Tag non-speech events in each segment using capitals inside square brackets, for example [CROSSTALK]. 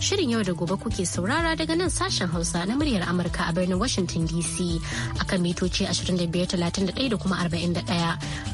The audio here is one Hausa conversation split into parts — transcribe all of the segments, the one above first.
Shirin yau da gobe kuke saurara daga nan sashen Hausa na muryar Amurka a birnin Washington DC akan mitoci 2531 da kuma 41.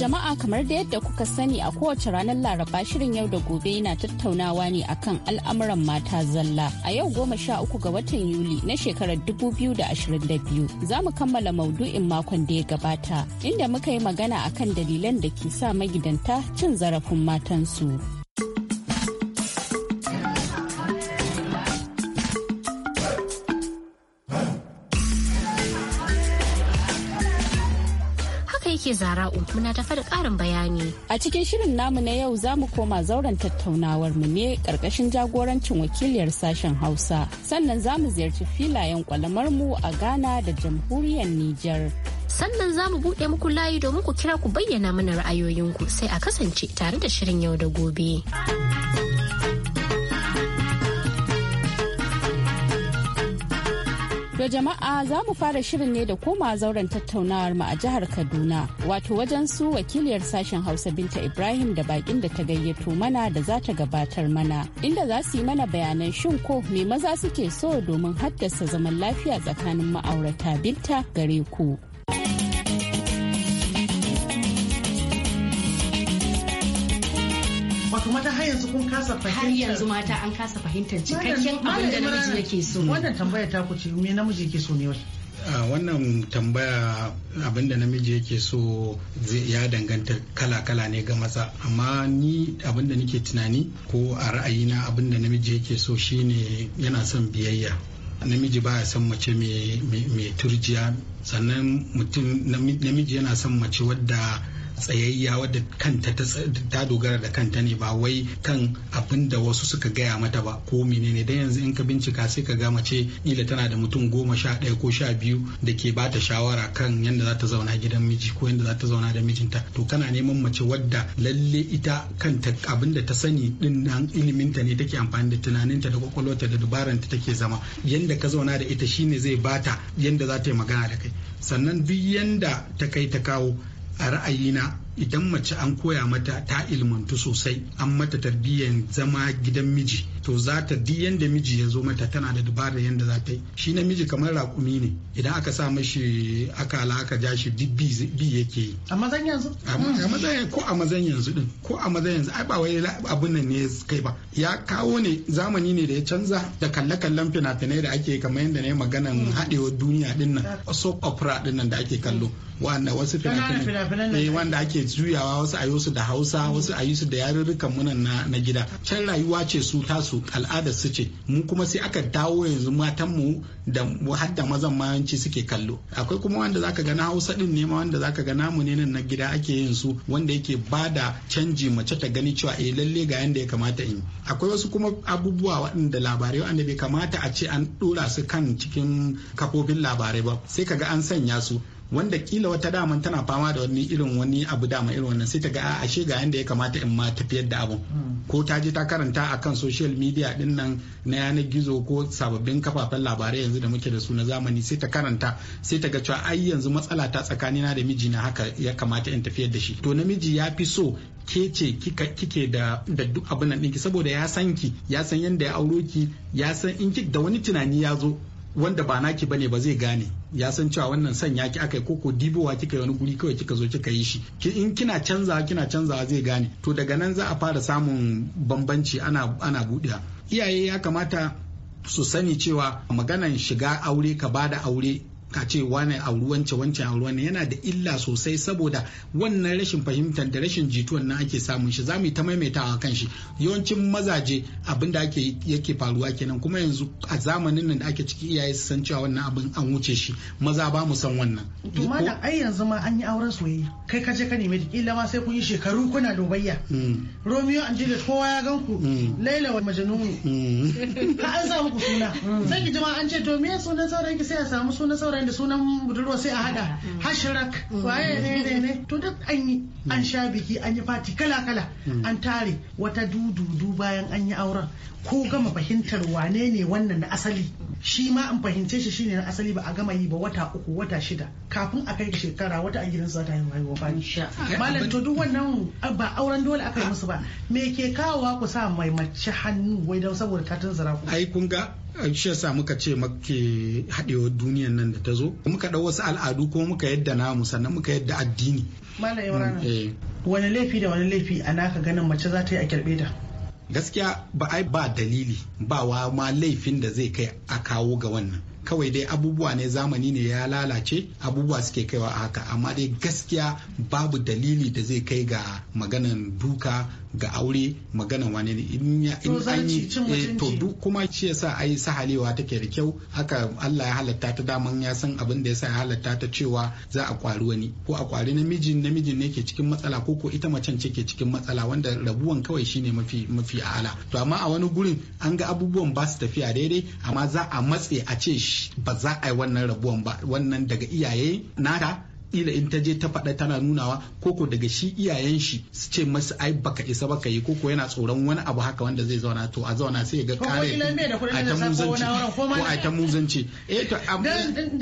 jama'a kamar da yadda kuka sani a kowace ranar Laraba shirin yau da gobe yana tattaunawa ne akan al'amuran mata zalla. A yau goma sha uku ga watan Yuli na shekarar dubu biyu da ashirin da biyu. Za mu kammala maudu'in makon da ya gabata inda muka yi magana akan dalilan da ke sa magidanta cin zarafin matansu. ce zara muna tafa da karin bayani. A cikin shirin namu na yau za mu koma zauren tattaunawar mu ne karkashin jagorancin wakiliyar sashen Hausa. Sannan za mu ziyarci filayen kwalamar mu a Ghana da jamhuriyar Nijar. Sannan za mu buɗe muku layi domin ku kira ku bayyana mana ra'ayoyinku sai a kasance tare da shirin yau da gobe. To jama'a za mu fara shirin ne da koma zauren tattaunawar mu a jihar Kaduna wato wajen su wakiliyar sashen Hausa Binta Ibrahim da bakin da ta gayyato mana da za ta gabatar mana inda za su yi mana bayanan shin ko me maza suke so domin haddasa zaman lafiya tsakanin ma'aurata Binta gare ku. kuma ta har yanzu kun kasa fahimtar har yanzu mata an kasa fahimtar cikakken abin da namiji yake so wannan tambaya ta ku ce me namiji yake so ne wai wannan tambaya abinda namiji yake so ya danganta kala-kala ne ga maza amma ni abinda nake tunani ko a ra'ayina abinda namiji yake so shine yana son biyayya namiji baya son mace mai turjiya sannan mutum namiji yana son mace wadda tsayayya wadda kanta ta dogara da kanta ne ba wai kan abin da wasu suka gaya mata ba ko menene dan yanzu in ka bincika sai ka ga mace ila tana da mutum goma sha ɗaya ko sha biyu da ke ba ta shawara kan yadda za ta zauna gidan miji ko yadda za ta zauna da mijinta to kana neman mace wadda lalle ita kanta abin da ta sani din nan ta ne take amfani da tunaninta da kwakwalwarta da ta take zama yadda ka zauna da ita shine zai bata yadda za ta yi magana da kai sannan duk yanda ta kai ta kawo a ra'ayina idan mace an koya mata ta ilmantu sosai an mata tarbiyyar zama gidan miji to za ta di miji ya zo mata tana da dabarar yadda za ta yi shi namiji kamar raƙumi ne idan aka sa mashi akala aka ja shi duk bi yake yi a mazan yanzu ko a mazan yanzu din ko a mazan yanzu ai ba wai abun nan ne kai ba ya kawo ne zamani ne da ya canza da kalle-kallen fina-finai da ake kamar yadda ne maganan hmm. haɗewar duniya din nan hmm. soap opera din nan da ake kallo hmm. wanda wasu fina-finai eh, wanda ake juyawa wasu a su da hausa wasu a su da yarurrukan muna na gida can rayuwa ce su tasu al'adar su ce mu kuma sai aka dawo yanzu matan mu da har da mazan mayanci suke kallo akwai kuma wanda zaka ga na hausa din ne ma wanda zaka ga namu ne nan na gida ake yin su wanda yake bada canji mace ta gani cewa eh lalle ga yanda ya kamata in akwai wasu kuma abubuwa waɗanda labarai wanda bai kamata a ce an dora su kan cikin kafofin labarai ba sai kaga an sanya su wanda kila wata dama tana fama da wani irin wani abu dama irin wannan sai ta ga ashe ga yanda ya kamata in ma tafiyar da abu. Hmm. ko ta je ta karanta akan social media din nan na yanar gizo ko sababbin kafafen labarai yanzu da muke da su na zamani sai ta karanta sai ta ga cewa ai yanzu matsala ta tsakanina da mijina haka ya kamata in tafiyar da shi to namiji ya fi so ke ce kike da duk abin nan ɗinki saboda ya san ki ya san yadda ya auro ki ya san in ki da wani tunani ya zo wanda ba naki bane ba zai gane ya san cewa wannan san yaki akai ko ko dibowa kika yi wani guri kawai kika zo kika yi shi in kina canzawa kina canzawa zai gane to daga nan za a fara samun bambanci ana ana buɗewa iyaye ya kamata su sani cewa maganan shiga aure ka bada aure ka ce wane a ruwance wancan a ruwane yana da illa sosai saboda wannan rashin fahimtar da rashin jituwan nan ake samun shi zamu ta maimaitawa kan shi yawancin mazaje abin da ake yake faruwa kenan kuma yanzu a zamanin nan da ake ciki iyaye su san cewa wannan abin an wuce shi maza ba mu san wannan to malam ai yanzu ma an yi auren soyayya kai ka je ka nemi kila ma sai kun yi shekaru kuna dubayya hmm. romeo and juliet kowa ya gan ku hmm. laila wa majnun hmm. ka an samu ku suna sai ki ji ma an ce to me sunan sauran ki sai a samu sunan sauran sunan da sunan budurwa sai a hada mm. hashirak mm. waye ne ne ne to duk an yi mm. an sha biki an yi fati kala kala an tare wata dududu bayan an yi auren ko gama fahimtar wane ne wannan na asali shi ma an fahimce shi shine na asali ba a gama yi ba wata uku wata shida kafin a kai shekara wata an gidan zata yi haihuwa ba malam to duk wannan ba auren dole aka yi musu ba me ke kawowa ku sa mai mace hannu wai don saboda ta tunzura ku ai kun ga shi yasa muka ce muke haɗewa duniyan nan da ta zo muka ɗau wasu al'adu ko muka yadda namu sannan muka yadda addini mm, eh. wani laifi da wani laifi a naka ganin mace za ta yi a kirɓe ta gaskiya ba ai ba dalili ba wa ma laifin da zai kai a kawo ga wannan kawai dai abubuwa ne zamani ne ya lalace abubuwa suke kaiwa a haka amma dai gaskiya babu dalili da zai kai ga maganan duka ga aure maganan wani in ya an yi eh, to duk kuma shi yasa ai sahalewa take da kyau haka Allah ya halatta ta daman ya san abin da yasa ya halatta ta cewa za a kwari wani ko a kwari namiji namijin ne ke cikin matsala ko ko ita macen ce ke cikin matsala wanda rabuwan kawai shine mafi mafi ala to amma a wani gurin an ga abubuwan ba su tafiya daidai amma za a matse a ce ba za a yi wannan rabuwan ba wannan daga iyaye nata ila in ta je ta faɗa tana nunawa koko daga shi iyayen shi su ce masu ai baka isa baka yi koko yana tsoron wani abu haka wanda zai zauna to a zauna sai ga kare a ta muzanci ko a ta muzanci eh to idan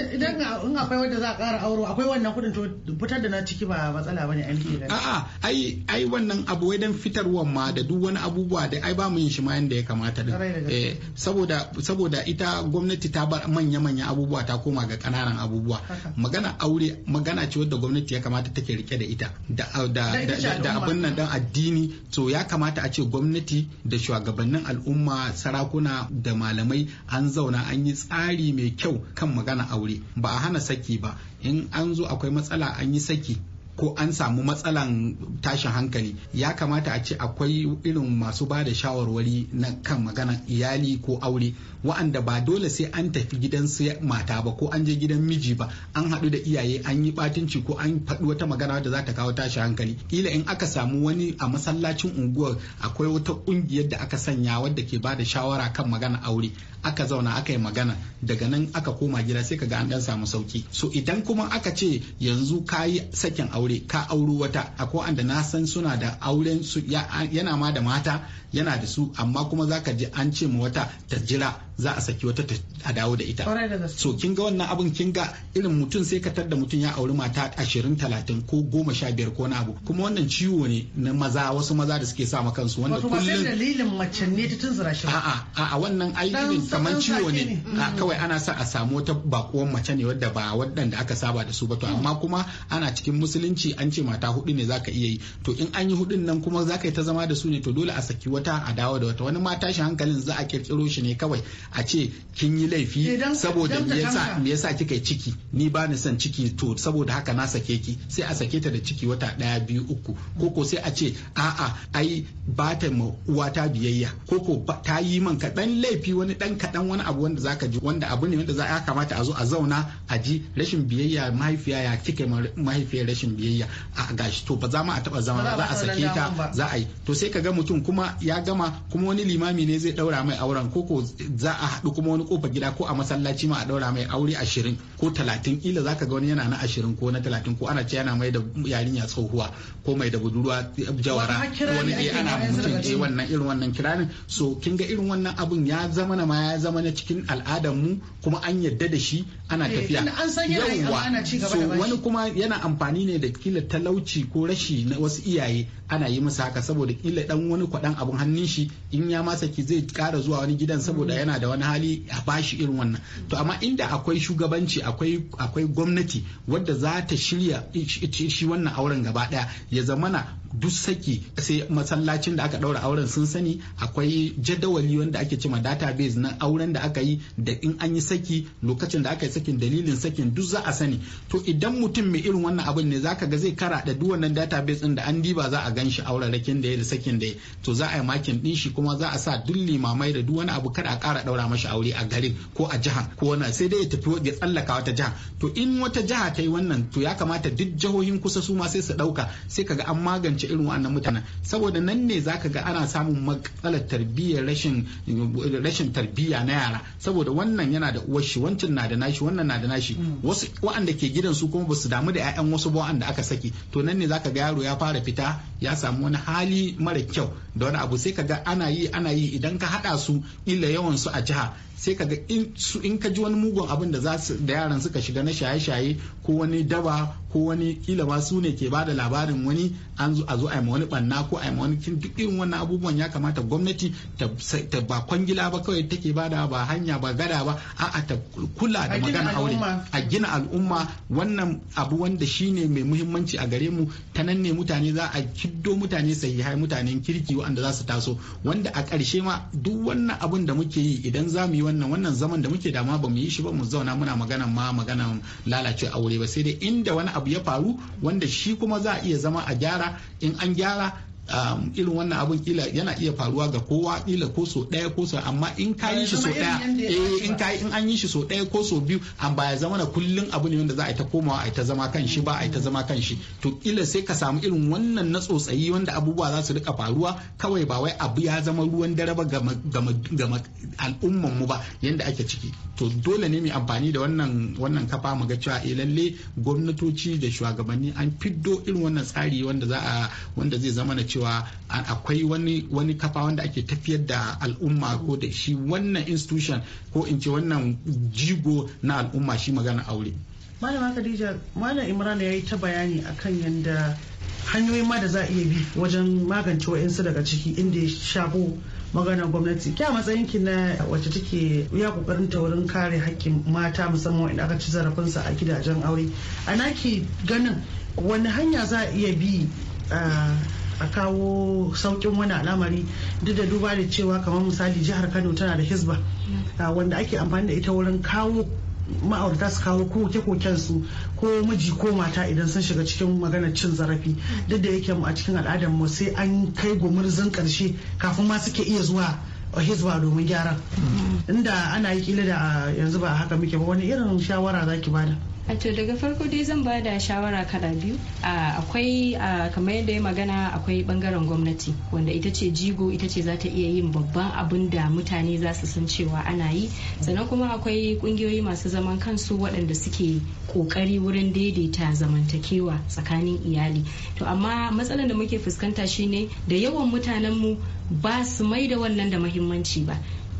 in akwai wanda za a ƙara auro akwai wannan kudin to fitar an a'a ai ai abu wai dan fitarwan ma da duk wani abubuwa da ai ba mu yin shi ma ya kamata eh, saboda ita gwamnati ta bar manya manya abubuwa ta koma ga kananan abubuwa magana aure magana amana ce wadda gwamnati ya kamata take rike da ita da abin nan dan addini to ya kamata a ce gwamnati da shugabannin al'umma sarakuna da malamai an zauna an yi tsari mai kyau kan magana aure ba a hana saki ba in an zo akwai matsala an yi saki ko an samu matsalan tashin hankali ya kamata a ce akwai irin masu ba da shawarwari na kan magana iyali ko aure wa'anda ba dole sai an tafi gidan su mata ba ko an je gidan miji ba an haɗu da iyaye an yi batunci ko an faɗi wata magana da za ta kawo tashin hankali Ila in aka samu wani a masallacin unguwar akwai wata ƙungiyar da aka sanya wadda ke ba da shawara kan magana aure aka zauna aka yi magana daga nan aka koma gida sai ka ga an dan samu sauki so idan kuma aka ce yanzu ka yi sakin aure aure ka auro wata akwai anda na san suna da auren su yana ma da mata yana da su amma kuma za ka ji an ce ma wata ta jira za a saki wata a dawo da ita so kin ga wannan abin kin ga irin mutum sai ka tar da mutum ya auri mata ashirin talatin ko goma sha biyar ko na abu kuma wannan ciwo ne na maza wasu maza da suke sa kansu wanda kullum wato dalilin mace ne ta tun zira shi a a'a wannan ainihin kamar ciwo ne mm. kawai ana sa a samu wata bakuwan mace ne wadda ba waɗanda aka saba da su ba to mm. amma kuma ana cikin musulunci an ce mata hudu ne za ka iya yi to in an yi hudun nan kuma zakayi yi ta zama da su ne to dole a saki wata wata a dawo da wata wani ma tashin hankalin za a kirkiro shi ne kawai a ce kin yi laifi eh, saboda me yasa kika ciki ni ba ni son ciki to saboda haka na sake ki sai a sake ta da ciki wata daya biyu uku koko sai a ce a'a ai ba ta ma uwata biyayya koko ta yi man kaɗan laifi wani ɗan kaɗan wani abu wanda zaka ji wanda abu ne wanda za a kamata a zo a zauna a ji rashin biyayya mahaifiya ya kike mahaifiyar rashin biyayya a gashi to ba za ma a taba zama ba za a sake ta za a yi to sai ka ga mutum kuma ya gama kuma wani limami ne zai daura mai auren ko ko za a haɗu kuma wani kofa gida ko a masallaci ma a daura mai aure ashirin ko talatin ila zaka ga wani yana na ashirin ko na talatin ko ana ce yana mai da yarinya tsohuwa ko mai da budurwa jawara wani eh ana mutum eh wannan irin wannan kiranin so kin ga irin wannan abun ya zama na ma ya zama na cikin al'adar mu kuma an yadda da shi ana eh, tafiya yawwa so wani kuma yana amfani ne da kila talauci ko rashi na wasu iyaye ana yi masa haka saboda kila dan wani kwadan abun hannun shi in ya masa ki zai kara zuwa wani gidan saboda mm. yana da wani hali a bashi irin wannan to amma inda akwai shugabanci akwai akwai gwamnati wadda za ta shirya shi wannan auren gaba daya ya zamana duk saki sai masallacin da aka daura auren sun sani akwai jadawali wanda ake cima database na auren da aka yi da in an yi saki lokacin da aka yi sakin dalilin sakin duk za a sani to idan mutum mai irin wannan abin ne zaka ga zai kara da duk wannan database din da an diba za a gan shi aurarrakin da ya da sakin da ya to za a yi makin din shi kuma za a sa duk limamai da duk wani abu kada a kara daura mashi aure a garin ko a jiha ko wani sai dai ya tafi ya tsallaka wata jiha to in wata jiha ta yi wannan to ya kamata duk jihohin kusa su ma sai su dauka sai kaga an magance magance irin wannan mutanen saboda nan ne zaka ga ana samun matsalar tarbiyyar rashin rashin tarbiyya na yara saboda wannan yana da uwar shi wancan na da nashi wannan na da nashi wasu ke gidan su kuma basu damu da ƴaƴan wasu ba wa'anda aka saki to nan ne zaka ga yaro ya fara fita ya samu wani hali mara kyau da wani abu sai ka ga ana yi ana yi idan ka haɗa su illa yawan su a jiha sai ka ga in ka ji wani mugun abin da yaran suka shiga na shaye-shaye ko wani daba ko wani kila ba su ne ke bada labarin wani an zo a zo a wani banna ko a yi wani kin duk irin wannan abubuwan ya kamata gwamnati ta ba kwangila ba kawai take bada ba hanya ba gada ba a'a ta kula da magana aure a gina al'umma wannan abu wanda shine mai muhimmanci a gare mu ta nan ne mutane za a kiddo mutane sahihai mutanen kirki wanda za su taso wanda a ƙarshe ma duk wannan abun da muke yi idan za mu yi wannan wannan zaman da muke dama ba mu yi shi ba mu zauna muna magana ma magana lalace aure ba sai dai inda wani abu ya faru wanda shi kuma za a iya zama a gyara in an gyara Um, irin wannan abun kila yana iya faruwa ga kowa kila ko so ɗaya ko so amma in ka yi shi so ɗaya eh, in an yi shi so ɗaya ko so biyu an baya zama na kullun abu ne wanda za a ta komawa a ta zama kan shi ba a ta zama kan shi to kila sai ka samu irin wannan na tsotsayi wanda abubuwa za su rika faruwa kawai ba wai abu ya zama ruwan dare ba ga al'umman mu ba yanda ake ciki to dole ne mu amfani da wannan wannan kafa mu ga cewa eh lalle gwamnatoci da shugabanni an fiddo irin wannan tsari wanda za a wanda zai zama na cewa akwai wani wani kafa wanda ake tafiyar da al'umma ko da shi wannan institution ko in ce wannan jigo na al'umma shi magana aure Malam khadija malam imran ya yi ta bayani akan yadda hanyoyin ma da za a iya bi wajen magance wa'insu daga ciki inda ya shago maganar gwamnati kya matsayin ki na wacce take ya kokarin ta wurin kare hakkin mata musamman wanda aka ci zarafinsa a gidajen aure a naki ganin wani hanya za a iya bi ah, a kawo saukin wani al'amari duk da duba da cewa kamar misali jihar kano tana da hisba wanda ake amfani da ita wurin kawo ma'aurata su kawo koke-koken su ko miji ko mata idan sun shiga cikin maganar cin zarafi duk da yake a cikin al'adar mu sai an kai zan karshe kafin ma suke iya zuwa a hisba domin gyara inda ana yi kila da yanzu ba haka muke ba wani irin shawara zaki bada to daga farko dai zan ba da shawara kala biyu akwai kamar yadda ya magana akwai bangaren gwamnati wanda ita ce jigo ita ce za ta iya yin babban abin da mutane za su san cewa ana yi sannan kuma akwai kungiyoyi masu zaman kansu waɗanda suke kokari wurin daidaita zamantakewa tsakanin iyali to amma matsalar da muke fuskanta shine da yawan mutanenmu ba su mai da wannan da muhimmanci ba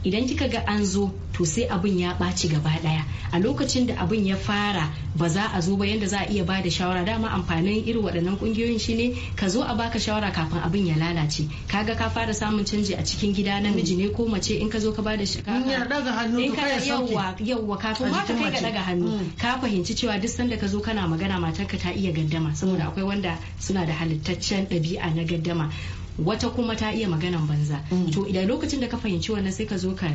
idan kika ga an zo to sai abin ya ɓaci gaba daya a lokacin da abin ya fara ba za a zo ba yadda za a iya bada shawara dama amfanin irin waɗannan ƙungiyoyin shine ka zo a baka shawara kafin abin ya lalace kaga ka fara samun canji a cikin gida namiji ne ko mace in ka zo ka bada shi in ya daga hannu in ka yawwa yawwa kafin ma ka kai ga daga hannu mm. ka fahimci cewa duk sanda ka zo kana magana matarka ta iya gaddama saboda mm. akwai wanda suna da halittaccen ɗabi'a na gaddama wata kuma ta iya maganan banza mm. to idan lokacin da ka fahimci wannan sai ka zo ka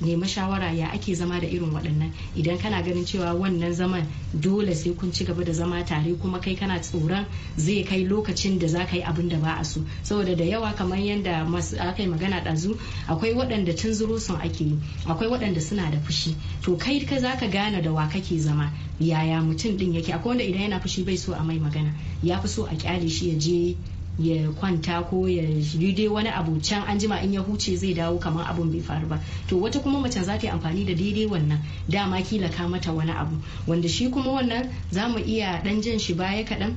nemi shawara ya ake zama da irin waɗannan idan kana ganin cewa wannan zaman dole sai kun ci gaba da zama tare kuma kai kana tsoron zai kai lokacin da za ka yi abin da ba a so saboda da yawa kamar yadda aka yi magana ɗazu akwai waɗanda tun zuro sun ake yi akwai waɗanda suna da fushi to kai ka za ka gane da wa kake zama yaya mutum ɗin yake akwai wanda idan yana fushi bai so a mai magana ya fi so a kyale shi ya je ya kwanta ko ya yi dai wani abu can an jima in ya huce zai dawo kamar abun bai faru ba to wata kuma mace za ta yi amfani da daidai wannan dama kila ka mata wani abu wanda shi kuma wannan za mu iya dan jan shi baya kaɗan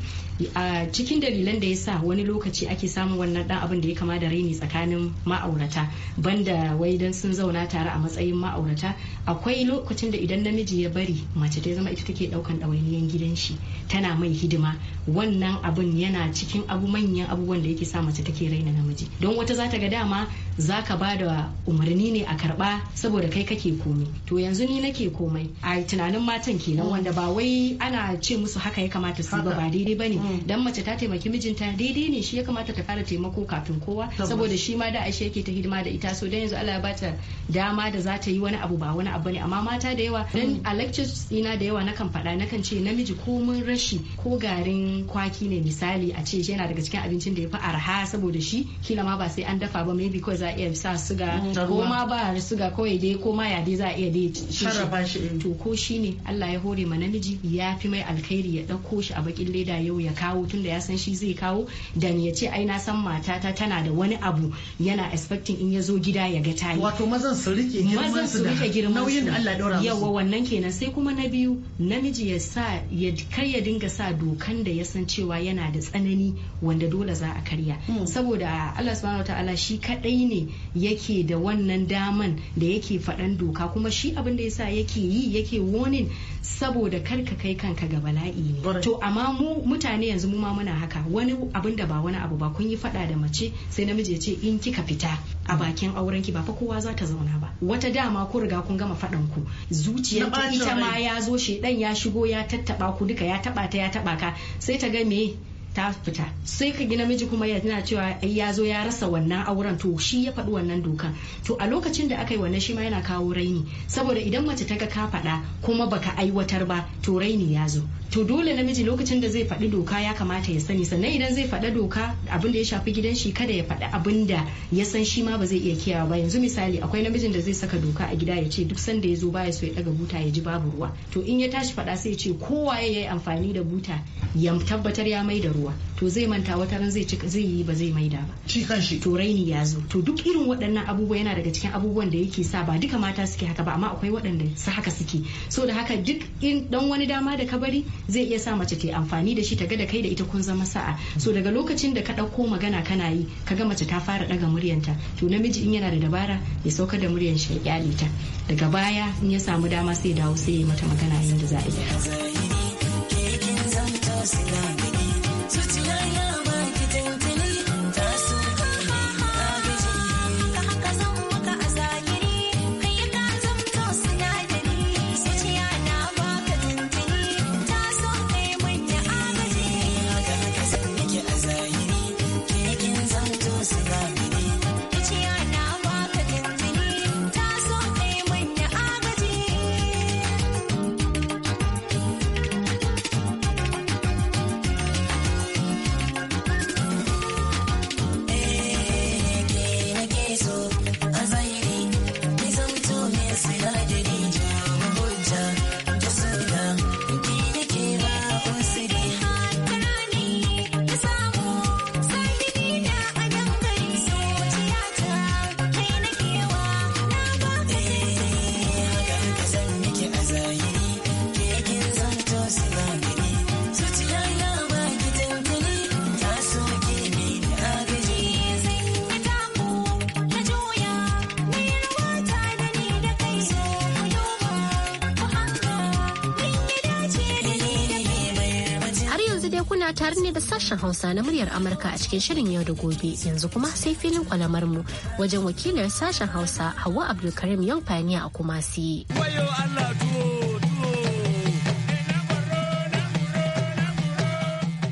a cikin dalilan da ya sa wani lokaci ake samun wannan dan abin da ya kama da raini tsakanin ma'aurata banda wai dan sun zauna tare a matsayin ma'aurata akwai lokacin da idan namiji ya bari mace ta zama ita take daukan ɗawainiyar gidan shi tana mai hidima wannan abin yana cikin abu manyan abubuwan da yake sa mace take raina namiji don wata za ta ga dama za ka ba da umarni ne a karba saboda kai kake komai to yanzu ni nake komai a tunanin matan kenan mm. wanda ba wai ana ce musu haka ya kamata su ba ba daidai ba ne. Mm. dan mace ta taimaki mijinta daidai ne shi ya kamata ta fara taimako kafin kowa saboda shi ma da ashe yake ta hidima da ita so dan yanzu Allah ya bata dama da za ta yi wani abu ba wani abu ne amma mata da yawa dan a lectures ina da yawa nakan faɗa nakan ce namiji ko mun rashi ko garin kwaki ne misali a ce yana daga cikin abincin da ya fi arha saboda shi kila ma ba sai an dafa ba maybe ko za a iya sa suga mm, ko ma ba suga kawai dai ko ma ya dai za a iya dai shi eh. to ko shi ne Allah ya hore ma namiji ya fi mai alkhairi ya dauko shi a bakin leda yau ya kawo tun da ya san shi zai kawo dan ya ce ai na san matata tana da wani abu yana expecting in ya zo gida ya ga tayi wato mazan su rike girman su da nauyin da Allah daura musu yawa wannan kenan sai kuma na biyu namiji ya sa ya kar ya dinga sa dokan da ya san cewa yana da tsanani wanda dole za a karya hmm. saboda Allah subhanahu wataala shi kadai ne yake da wannan daman da yake faɗan doka kuma shi abin da yasa yake yi yake wonin saboda kar ka kai kanka ga bala'i ne to amma mu mutane yanzu mu ma muna haka wani abin da ba wani abu ba kun yi fada da mace sai namiji ya ce in kika fita a bakin auren ki ba fa kowa za ta zauna ba wata dama ku riga kun gama fadan ku zuciyar ita ma ya zo shedan ya shigo ya tattaba ku duka ya taba ta ya taba ka sai ta ga me ta fita sai ka gina miji kuma yana cewa ya zo ya rasa wannan auren to shi ya faɗi wannan dokan to a lokacin da aka yi wannan shi ma yana kawo raini saboda idan mace ta ga ka faɗa kuma baka aiwatar ba to raini ya zo to dole namiji lokacin da zai faɗi doka ya kamata ya sani sannan idan zai faɗa doka abin da ya shafi gidan shi kada ya faɗi abin da ya san shi ma ba zai iya kiyawa ba yanzu misali akwai namijin da zai saka doka a gida ya ce duk sanda ya zo baya so ya ɗaga buta ya ji babu ruwa to in ya tashi faɗa sai ya ce kowa ya yi amfani da buta ya tabbatar ya mai da ruwa kowa to zai manta wata ran zai zai yi ba zai maida ba shi kanshi to raini ya zo to duk irin waɗannan abubuwa yana daga cikin abubuwan da yake sa ba duka mata suke haka ba amma akwai waɗanda su haka suke so da haka duk in dan wani dama da ka bari zai iya sa mace ta yi amfani da shi ta ga da kai da ita kun zama sa'a so daga lokacin da ka ɗauko magana kana yi ka ga mace ta fara ɗaga muryanta to namiji in yana da dabara ya saukar da muryan shi ya kyale ta daga baya in ya samu dama sai dawo sai ya yi mata magana yadda za a yi tare ne da sashen Hausa na muryar Amurka a cikin shirin yau da gobe yanzu kuma sai filin kwalamar mu wajen wakilar sashen Hausa Hauwa Abdulkarim yau faniya a Kumasi.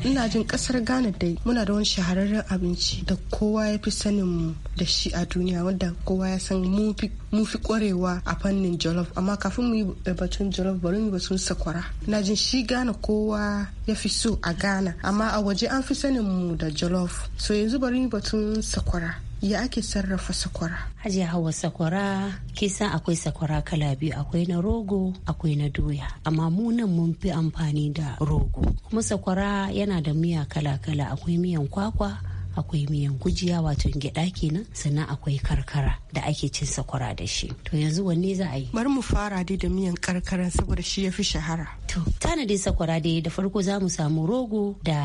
ina jin kasar ghana dai muna da wani shahararren abinci da kowa ya fi sanin mu da shi a duniya wanda kowa ya san mu fi mun fi kwarewa a fannin jollof amma kafin mu yi batun jollof bari mu batun sakwara na jin shi gana kowa ya fi so a gana amma a waje an fi sanin mu da jollof so yanzu bari mu batun sakwara ya ake sarrafa sakwara hajiya hawa sakwara kisa akwai sakwara kala biyu akwai na rogo akwai na doya amma mu nan mun fi amfani da rogo kuma sakwara yana da miya kala kala akwai miyan kwakwa akwai miyan gujiya wato gyaɗa kenan sannan akwai karkara da ake cin sakwara da shi to yanzu wanne za a yi bari mu fara dai da miyan karkara saboda shi ya fi shahara to tanadin sakwara dai da farko za mu samu rogo da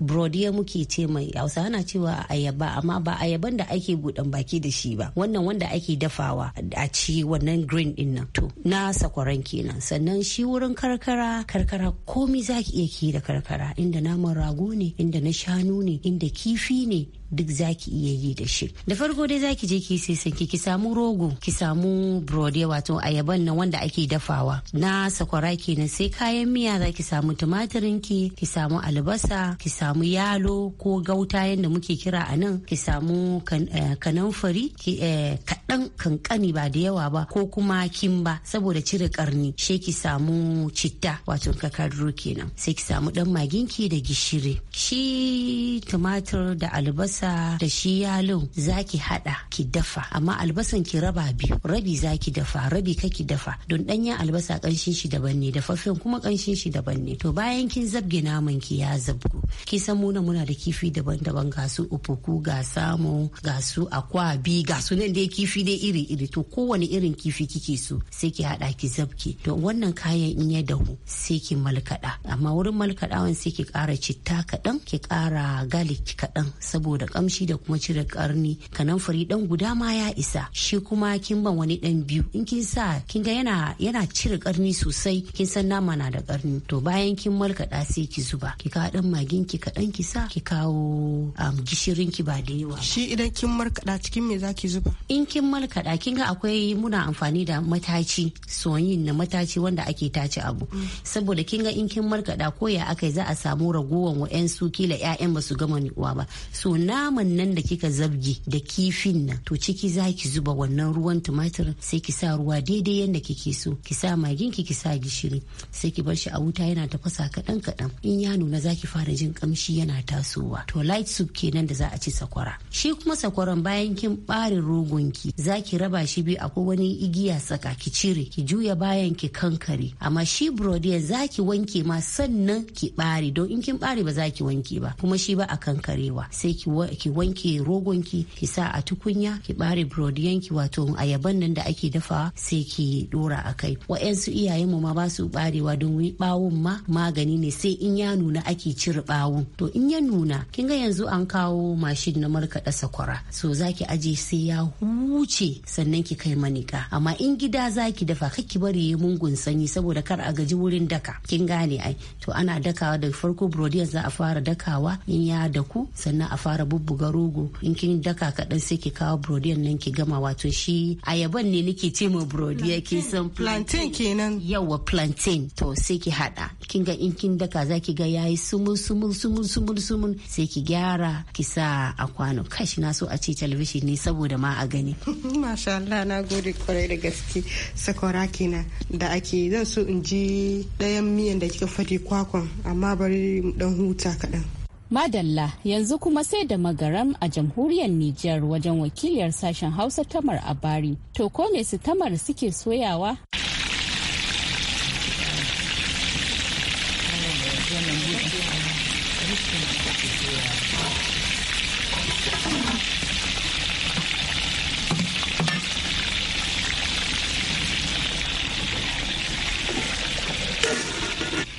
brodiya muke ce mai hausa ana cewa ayaba amma ba ayaban da ake buɗan baki da shi ba wannan wanda ake dafawa a ci wannan green din nan to na sakwaran kenan sannan shi wurin karkara karkara komi zaki iya ki da karkara inda naman rago ne inda na shanu ne inda kifi ƙarfi ne duk zaki iya yi da shi da farko dai zaki je ki sai ki ki samu rogo ki samu brode wato ayaban nan wanda ake dafawa na sakwara kenan sai kayan miya zaki samu tumatirin ki ki samu albasa ki samu yalo ko gauta yadda muke kira a nan ki samu eh, kanamfari eh, kaɗan kankani ba da yawa ba ko kuma kimba saboda cire karni sai ki samu citta wato kakarro kenan sai ki samu dan maginki da gishiri shi tumatir da albasa albasa da shi yalo zaki hada ki dafa amma albasan ki raba biyu rabi zaki dafa rabi ka ki dafa don danyen albasa kanshin shi daban ne dafaffen kuma kanshin shi daban ne to bayan kin zabge naman ki ya zabgu ki san muna muna da kifi daban-daban ga su ufuku ga samu ga su akwabi ga su nan dai kifi dai iri-iri to kowane irin kifi kike so sai ki hada ki zabke to wannan kayan in ya dahu sai ki malkada amma wurin malkadawan sai ki kara citta kadan ki kara garlic kadan saboda da kamshi da kuma cire karni fari dan guda ma ya isa shi kuma kin ban wani dan biyu in kin sa kin ga yana yana cire karni sosai kin san nama na da karni to bayan kin markaɗa sai ki zuba ki kawo dan magin ki kaɗan ki sa ki kawo um, gishirin ki ba da yawa shi idan kin markaɗa cikin me zaki zuba in kin markaɗa kin ga akwai muna amfani da mataci soyin na mataci wanda ake tace abu saboda kin ga in kin markaɗa ko ya akai za a samu ragowan su kila 'ya'yan ba su gama ni'uwa ba so na naman nan da kika zabge da kifin nan to ciki za ki zuba wannan ruwan tumatir sai ki sa ruwa daidai yadda kike so ki sa magin ki sa gishiri sai ki bar shi a wuta yana tafasa kaɗan kaɗan in ya nuna za ki fara jin kamshi yana tasowa to light soup kenan da za a ci sakwara shi kuma sakwaran bayan kin bare rogon ki za ki raba shi biyu akwai wani igiya saka ki cire ki juya bayan ki kankare amma shi brodiya za ki wanke ma sannan ki bare don in kin bare ba za ki wanke ba kuma shi ba a kankarewa sai ki ki wanke rogonki ki sa a tukunya ki bare brodiyanki wato ayaban nan da ake dafawa sai ki dora a kai wa'yansu iyayen mu ma ba su barewa don bawon ma magani ne sai in ya nuna ake cire bawon to in ya nuna kin ga yanzu an kawo mashin na markaɗa sakwara so zaki aje sai ya huce sannan ki kai manika amma in gida zaki dafa ki bari ya mungun sanyi saboda kar a gaji wurin daka kin gane ai to ana dakawa da farko brodiyan za a fara dakawa in ya daku sannan a fara bubbuga rogo in kin daka kaɗan sai ki kawo brodiyan nan ki gama wato shi ayaban ne nake ce ma brodiyan ki san plantain kenan yawa plantain to sai ki haɗa kin ga in kin daka zaki ga yayi sumul sumul sumul sumul sumul sai ki gyara ki sa a kwano kashi na so a ce talabishin ne saboda ma a gani [LAUGHS] masha Allah na gode kwarai da gaske sakwara kenan da ake zan so in ji ɗayan miyan da kika fadi kwakwan amma bari dan huta kaɗan Madalla yanzu kuma sai da magaram a jamhuriyar Nijar wajen wakiliyar sashen Hausa Tamar Abari. To ko me su Tamar suke soyawa?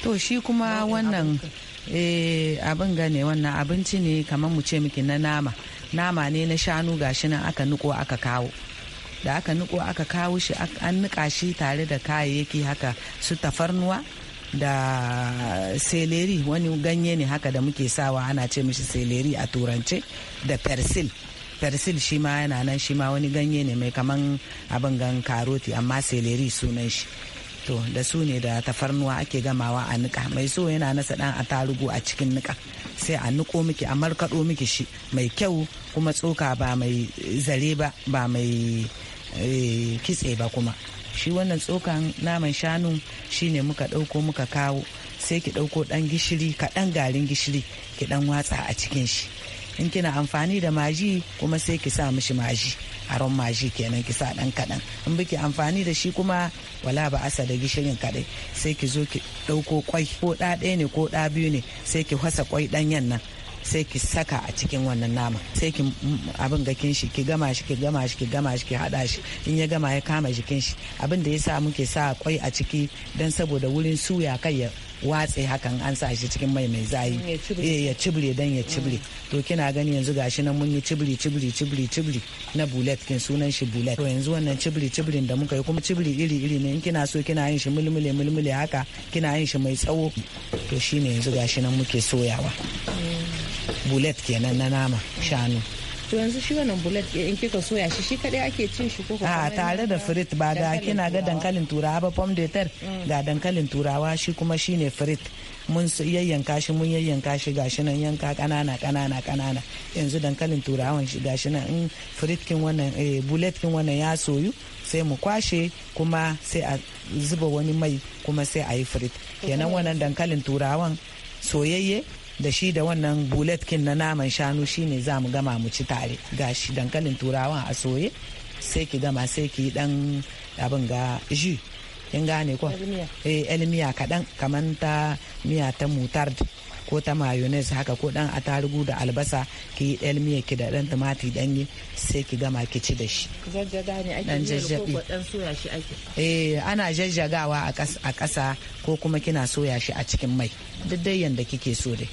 To shi kuma wannan eh abin gane wannan abinci ne kamar mu ce miki na nama nama ne na shanu gashi nan aka niko aka kawo da aka niko aka kawo shi an nika shi tare da kayayyaki haka su tafarnuwa da seleri wani ganye ne haka da muke sawa ana ce mishi seleri a turance da persil persil shi ma yana nan shi ma wani ganye ne mai kaman abin gan karoti amma seleri sunan shi to da su ne da tafarnuwa ake gamawa a nika mai so yana nasa dan a tarugu a cikin nika sai a niko miki a markaɗo miki shi mai kyau kuma tsoka ba mai zare ba ba mai eh, kitse ba kuma shi wannan tsokan naman shanu shi ne muka ɗauko muka kawo sai ki ɗauko ɗan gishiri kaɗan garin gishiri ki ɗan watsa a cikin shi in kina amfani da maji kuma sai ki sa mishi maji aron maji kenan ki sa dan kadan in biki amfani da shi kuma wala ba asa da gishirin kadai sai ki zo ki dauko kwai ko da ɗaya ne ko da biyu ne sai ki hasa kwai danyen nan sai ki saka a cikin wannan nama sai ki abin kin shi ki gama shi ki gama shi ki gama shi ki hada shi in ya gama ya kama jikin shi abin da yasa muke sa kwai a ciki dan saboda wurin suya kai ya watse hakan an sa shi cikin mai mai zayi ya cibre dan eh, ya cibre mm. to kina gani yanzu gashi nan mun yi cibiri cibri cibri cibri na bullet kin sunan shi bullet to yanzu wannan cibri cibrin da muka yi kuma cibiri iri iri ne in kina so kina yin shi mulmule mulmule haka kina yin shi mai tsawo to shine yanzu gashi nan muke soyawa mm. bullet kenan na nama shanu to yanzu shi wannan bullet in kika soya shi shi kadai ake cin shi ko a tare da frit ba ga kina ga dankalin turawa ba pom de terre mm. ga dankalin turawa shi kuma shi ne frit mun yayyanka shi mun yayyanka shi gashi nan yanka kanana kanana kanana yanzu dankalin turawan shi gashi nan in frit kin wannan eh, bullet kin wannan ya soyu sai mu kwashe kuma sai a zuba wani mai kuma sai a yi frit kenan wannan dankalin turawan soyayye da shi da wannan buletkin na naman shanu shine za mu gama mu ci tare ga shi dankalin turawan a soye sai ki gama sai ki dan abin ga ji kin gane ko eh elmiya kadan kaman ta miya ta mutar ko ta mayonnaise haka ko dan atarugu da albasa ki yi ki da dan tumatir danye sai ki gama ki ci da shi jajjaga ne ake dan jajjabi dan soya shi ake eh ana jajjagawa a kasa ko kuma kina soya shi a cikin mai duk dai yanda kike so dai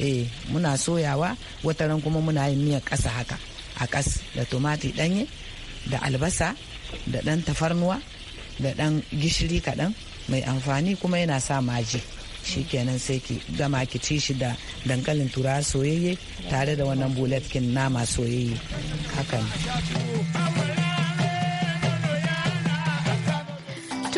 eh muna soyawa wata ran kuma muna yin miyar ƙasa haka a ƙas da tomati ɗanye da albasa da ɗan tafarnuwa da ɗan gishiri kaɗan mai amfani kuma yana sa maji shi kenan sai ki gama ki ci shi da dankalin turawa soyayye tare da wannan buletkin nama soyayye haka ne.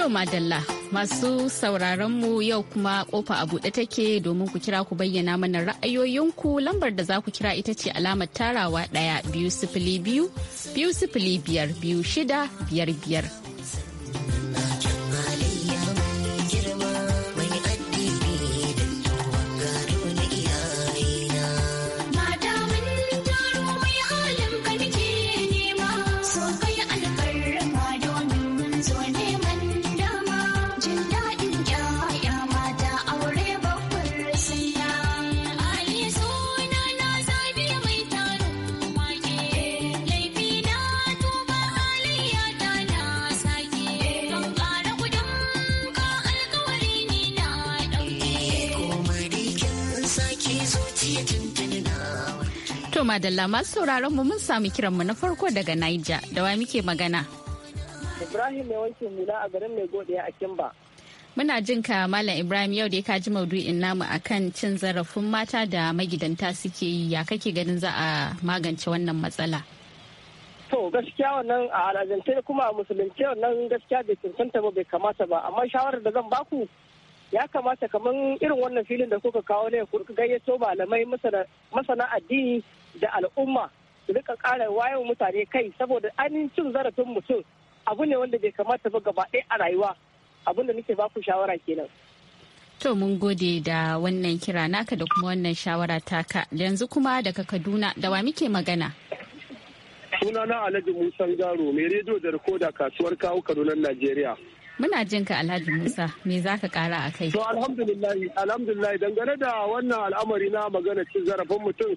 To Madalla masu sauraron mu yau kuma kofa a buɗe take domin ku kira ku bayyana mana ra'ayoyinku lambar da za ku kira ita ce alamar tarawa ɗaya biyu sifili biyu biyu sifili biyar biyu shida biyar biyar madalla masu sauraron mu mun samu kiran mu na farko daga Niger da wa muke magana. Ibrahim mai wanke hula a garin mai godiya a Kimba. Muna jin ka Malam Ibrahim yau da ya kaji maudu'in namu akan cin zarafin mata da magidanta suke yi ya kake ganin za a magance wannan matsala. To gaskiya wannan a al'adance kuma a musulunce wannan gaskiya bai cancanta ba bai kamata ba amma shawarar da zan baku ya kamata kamar irin wannan filin da kuka kawo ne ku gayyato malamai masana addini da al'umma su rika kara wayan mutane kai saboda ainihin cin zarafin mutum abu ne wanda bai kamata ba gaba ɗaya a rayuwa abin da nake baku shawara kenan. To mun gode da wannan kira naka da kuma wannan shawara taka yanzu kuma daga Kaduna da wa muke magana. Sunana Alhaji Musan Garo mai rediyo da rikoda kasuwar kawo Kaduna Najeriya. Muna jin ka Alhaji Musa, me za ka kara a kai? To alhamdulillahi, alhamdulillahi dangane da wannan al'amari na magana cin zarafin mutum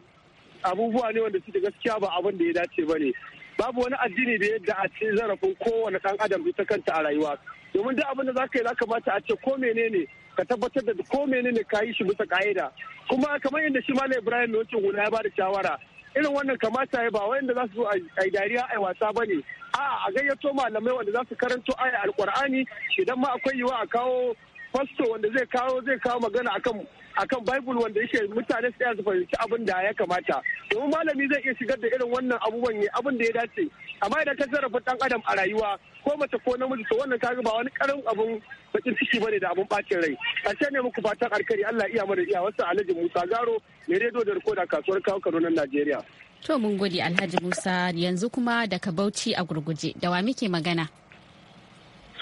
abubuwa ne wanda suke gaskiya ba abin da ya dace ba ne. Babu wani addini da yadda a cin zarafin kowane ɗan adam ita kanta a rayuwa. Domin duk abin da za ka yi za a ce ko menene ka tabbatar da ko menene ka yi shi bisa ka'ida. Kuma kamar yadda shi Malam Ibrahim Yocin Hula ya ba da shawara irin wannan kamata ya ba wanda za su a dariya a wasa ba ne a'a a gayyato malamai wanda za su karanto aya alkur'ani idan ma akwai yiwa a kawo fasto wanda zai kawo zai kawo magana akan akan bible wanda yake mutane su yanzu su fahimci abin da ya kamata domin malami zai iya shigar da irin wannan abubuwan ne abin da ya dace amma idan ka zarafa dan adam a rayuwa ko mace ko namiji to wannan kaga ba wani karin abun bakin ciki bane da abun bacin rai a ne muku fatan alkari Allah iya mana iya wasu Alhaji Musa Garo mai rediyo da rikoda kasuwar kawo Kano nan Najeriya to mun gode Alhaji Musa yanzu kuma daga Bauchi a gurguje da wa muke magana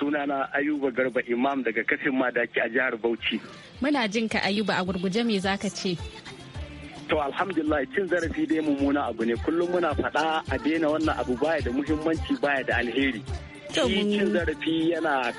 sunana ayuba garba imam daga kasin madaki a jihar bauchi muna jin ka ayuba a gurguje me zaka ce to alhamdulillah cin zarafi dai mummuna abu ne kullum muna faɗa a daina wannan abu baya da muhimmanci baya da alheri cin zarafi yana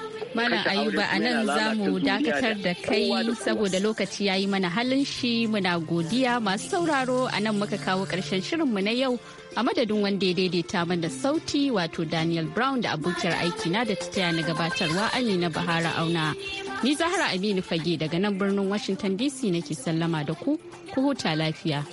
Ayuba a nan za mu dakatar da kai saboda lokaci ya yi mana halin shi muna godiya masu sauraro a nan muka kawo ƙarshen shirinmu na yau a madadin wanda ya daidaita mana sauti wato Daniel Brown da abokiyar aikina da ta taya na gabatarwa Amina Bahara Auna. Ni Zahra Aminu Fage daga nan birnin Washington DC nake sallama da ku, ku huta lafiya.